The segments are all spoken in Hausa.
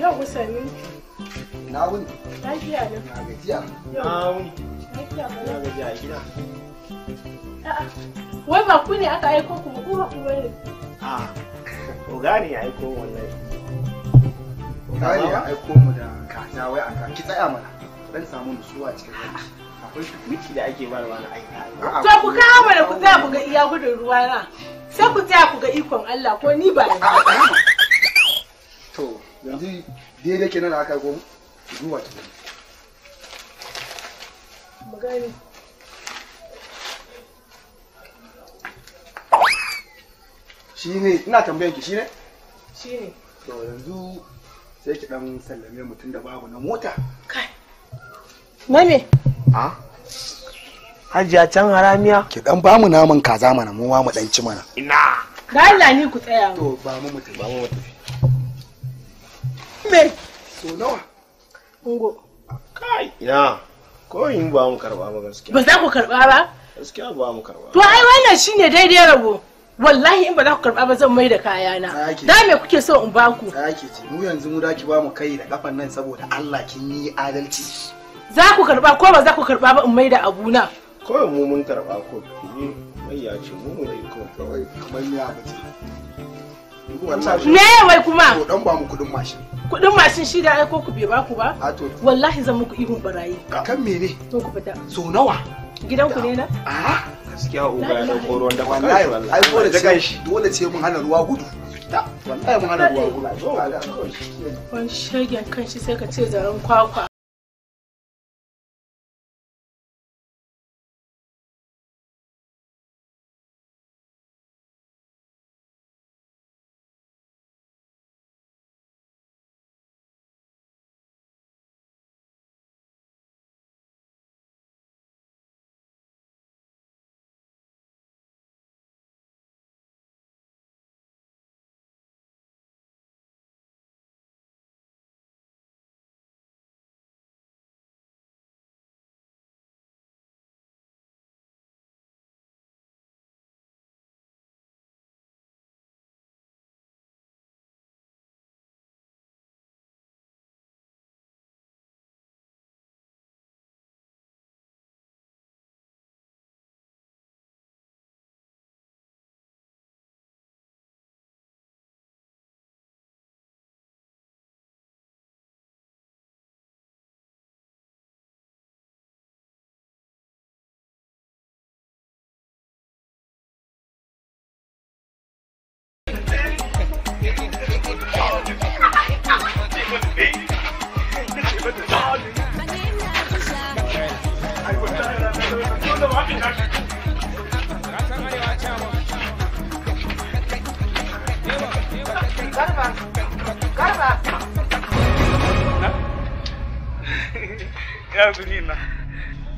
Yau kusani. Na wuni. Na gajiya. a gida. Wai ba ku ne aka aiko ku ku haku ne. A. Oga ya aiko ya aiko mu da kata wai aka ki tsaya mana. Dan samu nutsuwa cikin ranki. akwai da ake barwa na aika to ku kawo mana ku tsaya ku ga iya gudun ruwa na sai ku tsaya ku ga ikon Allah ko ni ba da. to yanzu daidai kenan da aka gomu duba ki mu gani shine ina tambayan ki shine shine to yanzu sai ki dan sallame mutum da babu na mota kai na me ah? hajiya can haramiya ki dan ba mu naman kaza mana mu ma mu dan ci mana ina da Allah ni ku tsaya to ba mu mutu ba mu mutu. me so nawa ungo kai ina ko in ba mu karba ba gaskiya ba za ku karba ba gaskiya ba mu karba to ai wannan shine daidai rabo wallahi in ba za ku karba ba zan mai da kaya na da me kuke so in ba ku da ke ce mu yanzu mu da ki ba mu kai da kafan nan saboda Allah kin yi adalci za ku karba ko ba za ku karba ba in mai da abuna kawai mu mun karba ko mai ya ce mu mu ko. kawai kamar ya bace ne wai kuma to dan ba mu kudin mashin kudin mashin shi da ai ko ku bai ba ku ba wallahi zan muku ihun barayi kan mene to ku fita so nawa gidan ku ne na a gaskiya uba ya dauko ruwan da wallahi wallahi ai dole ce shi dole ce mun hana ruwa gudu wallahi mun hana ruwa gudu to kan shegen kan shi sai ka ce zaran kwakwa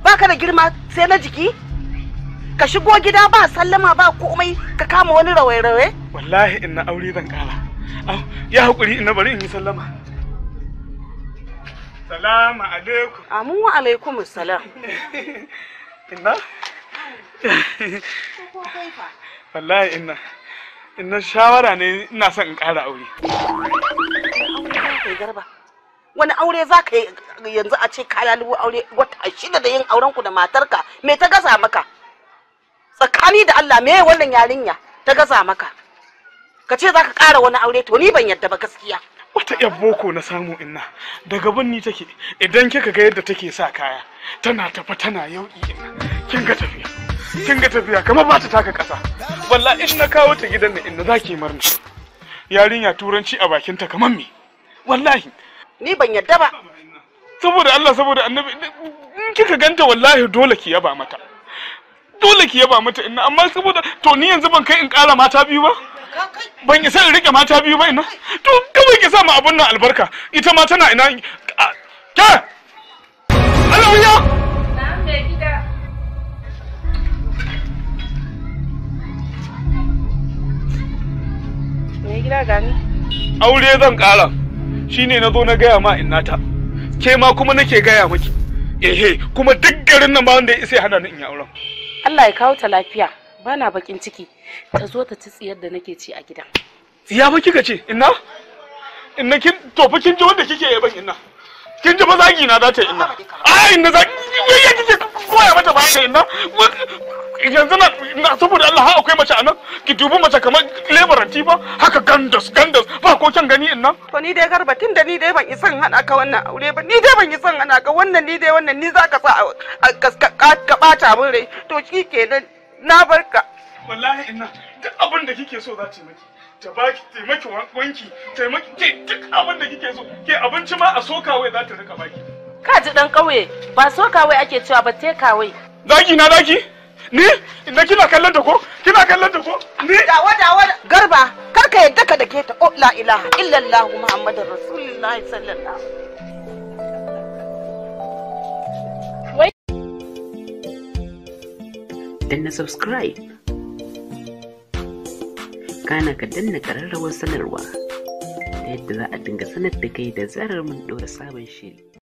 ba ka da girma sai na jiki ka shigo gida ba sallama ba komai ka kama wani rawaye-rawaye wallahi ina aure zan kara ya haƙuri ina bari in yi sallama salamu alaikum amu wa alaikum salam ina wallahi ina ina shawara ne ina son in kara aure garba wani aure za ka yanzu a ce kaya lubu aure wata shida da yin auren ku da matarka me ta gaza maka tsakani da Allah me wannan yarinya ta gaza maka ka ce za ka ƙara wani aure to ni ban yadda ba gaskiya wata yar boko na samu inna daga banni take idan kika ga yadda take sa kaya tana tafa tana yauki inna kin ga tafiya kin ga tafiya kamar ba ta taka ƙasa wallahi in na kawo ta gidan na inna zaki murna yarinya turanci a bakinta kamar me wallahi ni ban yadda ba saboda Allah saboda annabi in kika ganta wallahi dole ki yaba mata dole ki yaba mata inna amma saboda to ni yanzu ban kai in kara mata biyu ba ban isa in rike mata biyu ba ina to kawai ki sa mu abun nan albarka ita ma tana ina ke Allah wuya gida gani aure zan kara shine na zo na gaya ma in nata ke ma kuma nake gaya miki ehe kuma duk garin nan ba wanda ya isa hana ni in yi auren Allah ya kawo ta lafiya bana bakin ciki ta zo ta ci tsiyar da nake ci a gidan tsiya ba kika ce inna inna kin to fa kin ji wanda kike yaban inna kin ji ba na dace inna a inna zagi ya kike koya mata ba ta inna yanzu na saboda Allah ha akwai mace a nan ki dubi mace kamar lebaranti ba haka gandas gandas ko kyan gani in nan to ni dai garba tunda ni dai ban isan hana ka wannan aure ba ni dai ban isan hana ka wannan ni dai wannan ni zaka sa ka bata min rai to shikenan na barka wallahi in nan duk abin da kike so za ta miki ta baki taimaki wanki taimaki ke duk abin da kike so ke abinci ma a soka wai za ta rika baki ka ji dan kauye ba soka wai ake cewa ba te kawai zaki na zaki ni inda kina kallon ta ko kina kallon tsage ta o oh, la ilaha illallah muhammadur rasulullahi sallallahu danna subscribe kana ka danna kararrawar sanarwa ta yadda za a dinga sanar da kai da zarar mun ɗora sabon shiri